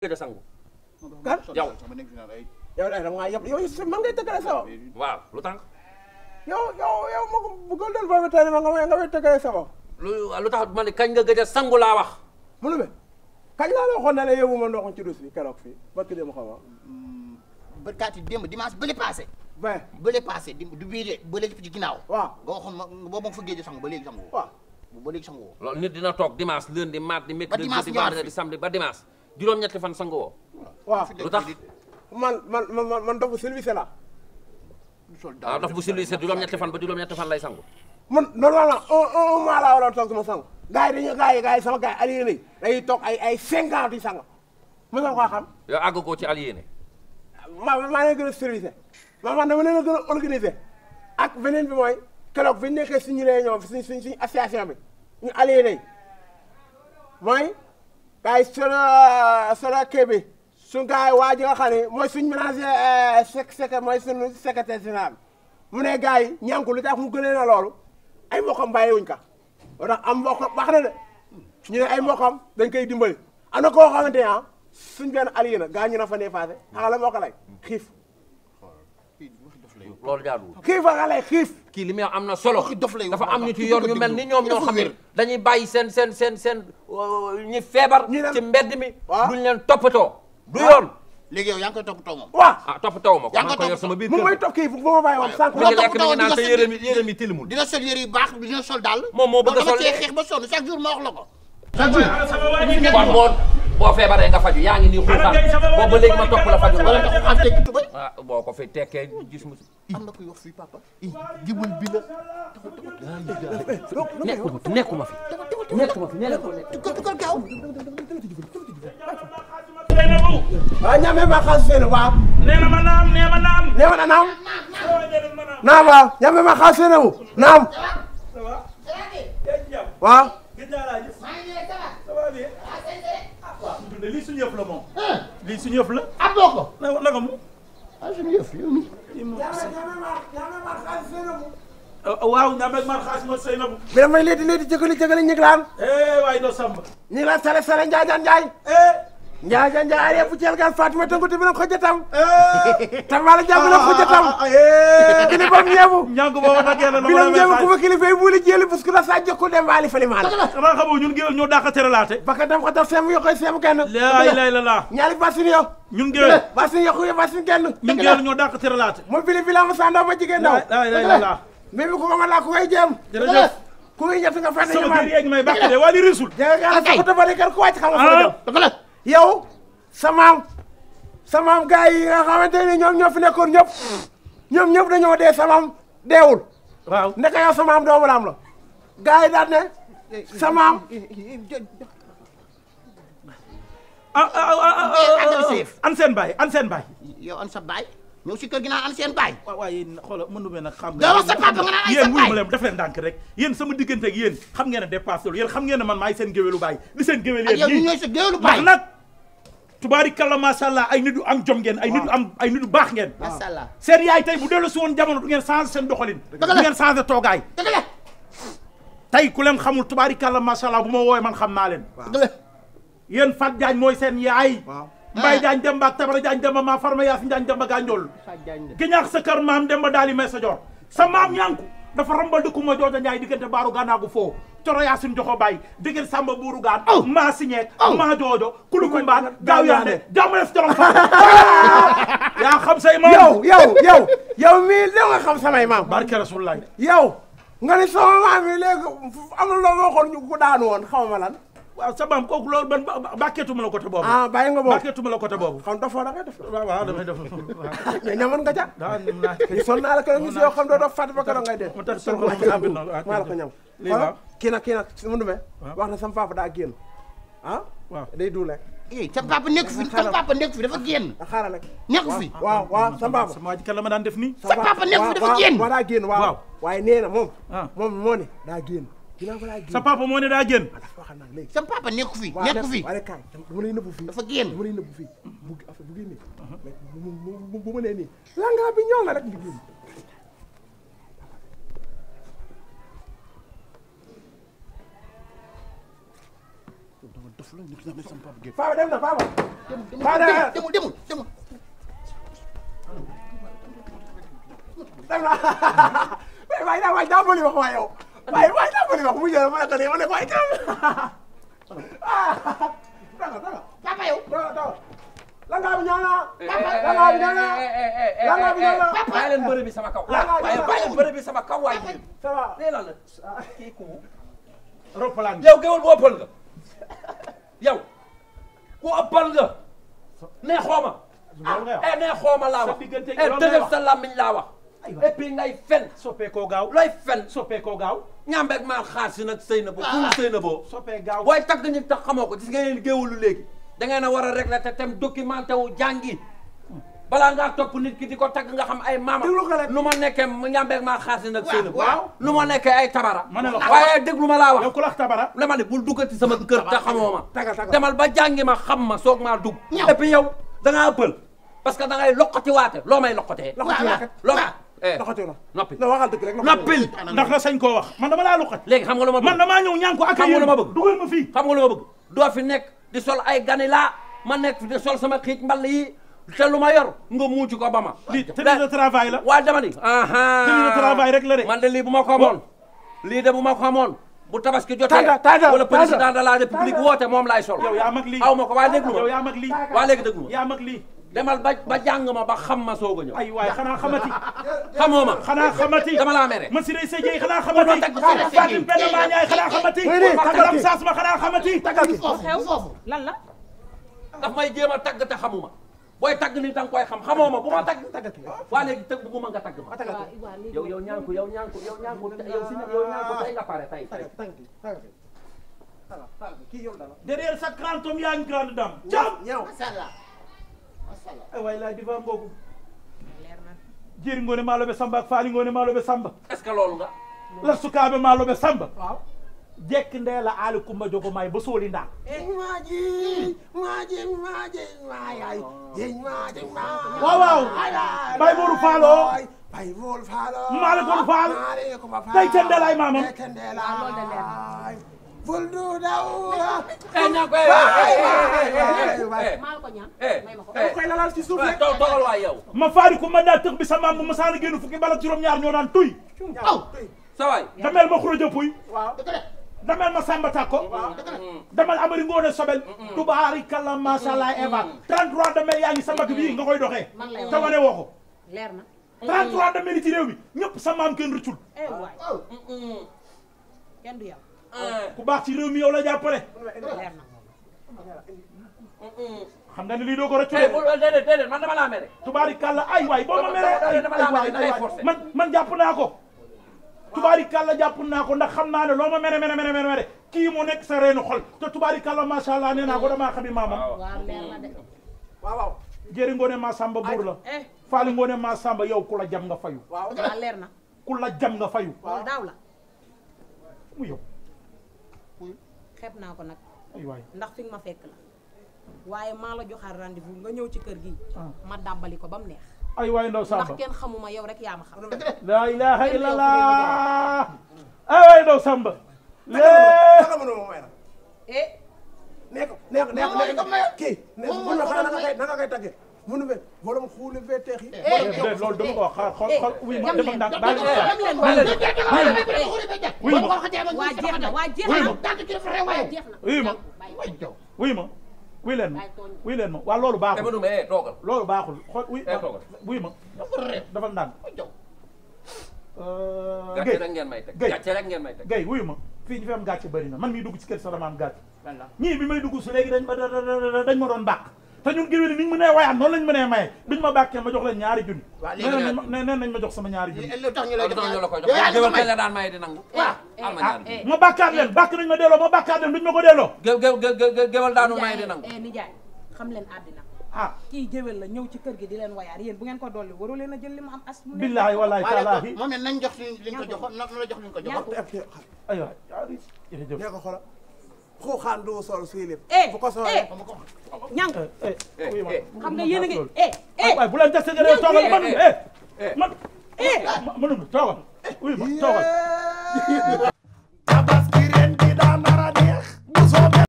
gëj a sangu. kan yow. yow da nga yab yow si man ngay tëkkale sa waaw lu tax. yow yow yow ma ko bu góor doon boobu tey ma nga may nga may lu tax man kañ nga gëj a sangu laa wax. mu ne kañ laa la waxoon ne ma ndox ci dus bi keroog fii a démb xaw ma. barkaati démb dimanche bële paase. vingt bële paase du bii de bële ci ginnaaw. waaw nga waxoon ma boo ma fa géej sangu ba léegi sangu. waaw ba léegi sangu. loolu nit dina toog dimanche lundi mardi mercredi jeudi juróom-ñetti fan sangu woo. waaw lu tax man man man man dof bu silvissé la. waaw ah, dof bu silvissé juróom-ñetti fan ba juróom-ñetti fan lay sangu. man normalement un un mois laa waroon toog sama sangu. gars yi dañuy gars yi gars yi sama gars yi aliéné yi dañuy toog ay ay cinquante yi sangu mën nga koo xam. yow àgg koo ci aliéné. maa maa leen gën a service maa maa dama leen a gën a ak beneen bi mooy keroog bi ñu nekkee suñu réunion suñ suñ suñ bi ñu aliéné mooy. gars yi solo solo kii bi suñ gars yi waa ji nga xam ne mooy suñ ménager euh, sec sec mooy suñu secrétaire général mu ne gars yi ñànku lu tax mu gënee na loolu ay mbokkam bàyyiwuñ ka wala am mbokkam wax na de ñu ne ay mbokkam dañ koy dimbali am na koo xamante ah, suñ benn allié na ñu na fa ne passé xanaa la moo lay xiif loolu jaaduwul xiif a xale xiif kii li muy am na solo dafa am nit yu yor ñu mel ni ñoom ñoo xam ne dañuy bàyyi seen seen euh, ñi feebar ci mbedd mi duñ leen toppatoo du yoon léegi yow yaa ngi koy toppatoo moom waaw ah sol yére yu baax sol daal moom moo bëgg a sol dama cee ko chaque jour boo feebaree nga faju yaa ngi nii xuuxaan boo ba léegi ma topp la faju wala nga xuuxaan tekki ba ah boo ko fi tekkee gis mu am na koy wax fii papa i giwul bi la nekkuma fi nekkuma fi ne la ko nekkal gaaw waaw ñame ma xaalis fee la waaw nee na ma naam nee ma naam nee ma naam naam waaw ñame ma xaalis fee la mu naam waaw ne lii suñu yëf la moom. Eh. lii suñu yëf la. am na ko na naka mu. ah suñu yëf yow nii. kii moom aussi waaw ñaar bëgg maa xaas ma sëy na bu. Oh, bi damay léegi léegi jégalu jégalu ñu ngi eh, waaye doo sàmm. sale sale njaay njaay njaay. njaaja njaare fu cel gal fatima tangu tibina ko eh. ko jatam kini bom ñebu ñangu bo wata gele no wala ñebu kuma kili fay buli jeli busku la sajjo ko dem wali ko daf sem ko basin kenn nga fane ñu man sama gër yeeg sa ko tabari kar ko wacc xam nga yow samaam samaam gars yi nga xamante ni ñoom fi nekkoon ñëpp ñoom ñëpp dañoo dee samaam deewul. waaw ndeka samaam doomu laam la gars yi daal ne samaam. ah ah an seen baay an seen baay. ñëw si kër gi naan an seen baay. waaw waaw yéen xoolal mënu ma nag xam nga. nga wax sa papa nga naan an seen baay yéen wuyu ma leen def leen ndànk rek yéen sama diggante ak yéen xam ngeen ne dépassé loolu yéen xam ngeen ne man maay seen géwélu baay li seen géwél yéen ñii ñooy sa géwélu baay ndax nag tubaarikalla macha allah ay nit yu am jom ngeen ay nit yu am ay nit yu baax ngeen ah. macha allah seen yaay tey bu dellu si woon jamono du ngeen changé seen doxalin du ngeen changé toogaay dëgg la tey ku leen xamul tubaarikalla macha allah bu ma woowee man xam naa leen yéen Fat Diagne mooy seen yaay mbay jaañ ah. dem ba ak tabara jaañ dem ba maa farma yaasi jaañ dem ba gànjool giñaax sa kër maam dem ba daali may sa joor sa maam ñànku dafa rambal dëkku ma jooja njaay diggante baaru gànnaagu foo coro yaa suñ joxo bàyyi diggéen sàmba buuru gaan oh. maa siñeek oh. maa joojo kulukumbaan gaaw yaande jàmmalees jorom fa yaa xam say maam yow yow yow nga barke rasulaay yow nga ne sama maam yi léegi am na loo waxoon ñu ko daanu woon xaw ma waaw sa maam kooku loolu man bàkkeetuma la côté boobu. ko ngi si yoo xam doo doo fàtte ba na maa la ko ñam. lii waaw kii nag kii nag su ma demee. wax na sama sa papa nekk fi dafa génn. xaaral rek nekk fi. waaw waaw sa papa. sama ma daan def nii. sa papa nekk fi dafa génn. waaw waaw daa génn moom. moom moo ne daa génn sa papa moo ne daa génn. Ah, sa papa nekk fi nekk fi. dafa génn. bu ma nee nii langa bi ñëw la rek nga génn. Faama dem na Faama. demul demul demul dem na waaye daa bëri wax waa yow. waaye waaye daa bëri wax mu jël ma ne ko de ma ne ko ay tam. ah dama dama. papa yow. dama dama. langa bi ñaana. langa bi ñaana. langa bi ñaana. papa bàyyi leen bëri bi sama kaw. waaye bàyyi leen bëri bi sama kaw waay bi. ça va nee naa la. kii ku. roppalaan yow géwél bu ëppal nga. yow ku ëppal nga. nee xooma. ah nee xooma laa wax. sa diggante ak yow laa wax eh dëgg sa làmmiñ laa wax. et puis ngay fen soppeekoo gaaw looy fen soppeekoo gaaw ñaambeeg maa xaar si nag sëy na bo pour ah, sëy na boo soppee gaaw booy tagg nit tax xamoo ko gis ngeen géewalu léegi da ngeen a war a régler te tam documenté wu jàngi balaa ngaa topp nit ki di ko tagg nga xam ay maama lu ma nekkee ñaambeeg maa xaar si nag sëy na waaw lu ma nekkee ay tabara waaye déglu ma laa wax yow ku la tabara dama ne bul duggati sama kër te xamoo ma demal ba jàngi ma xam ma soog maa dugg et puis yow da parce que da ngay loqati waate loo may loqatee loqati waate doxatoo eh. na noppi na waxal dëgg rek noppil ndax nga sañ koo wax man dama laa luqat léegi xam nga lu ma bëgg man damaa ñëw ñaan ko ak xam nga lu ma bëgg dugal ma fii xam nga lu ma bëgg doo fi nekk di sol ay gani laa ma nekk di sol sama xiic mbal yi te lu ma yor nga muucu ko ba ma lii tenue de travail la waaw dama ni tenue de la man de lii bu ma ko amoon lii de bu ma ko amoon tabaski jotee wala président de la république woote moom laay sol aw ma ko waaye déglu ma yow waa léegi déglu lii demal ba ba jàng ma ba xam ma soog a ñëw. ay waay xanaa xamati. xamoo ma xanaa xamati. dama laa mere. Massiré Sédié xanaa xamati. Fatim Penda Ma Ndiaye xanaa xamati. Tagalam Saas ma xanaa xamati. tagal foofu lan la. daf may jéem a tagg te xamuma booy tagg ni danga koy xam xamoo ma bu ma tagg taggati waa léegi tëgg bu ma nga tagg ma yow yow ñaanku yow ñaanku yow ñaanku yow si yow ñaanku tey nga pare tey derrière sa grand homme y a une grande dame. ay waay laa diva ak faali maa lobe samba la sukaabe maa lobe samba jekk ndee la aali kumba jogo maay ba sooli ndaal maaji eh. maaji maaji maayaay jëñ maaji maayaay waaw bay booru faaloo bay booru faaloo faal day kendeelaay maamam fuldu daw ña koy koy lalal ci suuf eh, rek dogal waay yow ma faari ko ma daa tëx bi sama bu ma saana génn fukki bala juróom ñaar ñoo daan tuy aw saway dameel ma a puy dameel ma samba tàkko dameel amari ngoone sobel tubaari kala masala eva 33 dameel yaa ngi sama bi nga koy doxee te wane woo ko leer na 33 dameel ci réew mi ñëpp sama am kenn rëccul eh, Euh. ku baax ci réew mi yow la jàppale. xam nga ni lii ko rëccu eh, eh, déedéet déedéet man ay waay boo ma meree ay man man jàpp naa ko. tubaarikàlla jàpp naa ko ndax xam naa ne loo ma mere mere mere mere kii mu nekk sa reenu xol te tubaarikàlla macha allah nee naa ko damaa xami maamam. waaw maa samba buur la. Eh. faali maa samba yow ku la jam nga fayu. waaw leer na ku la jam nga fayu. waaw xeeb naa ko nag ndax fi nga ma fekk la waaye maa la joxaat rendez-vous nga ñëw ci kër gi ah. ma dàbbali ko ba mu neex ay waay ndaw samba ndax kenn xamuma yow rek yaa ma xam laa ilaha illallah ay waay ndaw samba léegi nee ko nee ko nee ko kii nee ko munu be volom xuuli be teexi eh, eh, loolu dama ko wax xaar xool xool oui eh, ma defal ndànk baal leen baal leen oui ma waa jeex na waa jeex na waa jeex na oui ma oui ma wuy leen ma wuy leen ma waaw loolu baaxul loolu baaxul xool wuy wuy ma defal ndànk euh, gàcce rek ngeen may teg gàcce rek ngeen may teg gay wuyu ma fii ñu fi am gàcce bëri na man miy dugg ci kër sax dama am gàcce ñii bi may dugg su léegi dañ ma dañ ma doon bàq te ñun géwél ni ñu mënee waaye noonu lañ mënee maye biñ ma bàkkee ma jox leen ñaari junni nee nañ ma jox sama ñaari junni lu tax ñu lay jox géwél kañ la daan maye di nangu waaw ah, eh, ah, eh. ma bàkkaat leen bàkk nañ ma delloo ma bàkkaat leen duñ ma ko delloo géwél daanu maye di nangu eh, nijaay xam leen àddina ah kii géwél la ñëw ci kër gi di leen wayaar yéen bu ngeen ko dolli waru leen a jël li mu am as mu billaahi wallaahi taalaahi moom it nañ jox liñ ko joxoon na la jox liñ ko joxoon aywa jërëjëf ko xoolal xoo xaan doo sol suy lépp fu ko sol ñang xam nga yéen a ngi eh eh waay bu leen teg seen yéen toogal man eh oh, man eh manum toogal uy ma toogal tabaski ren bi daa nara neex bu soobee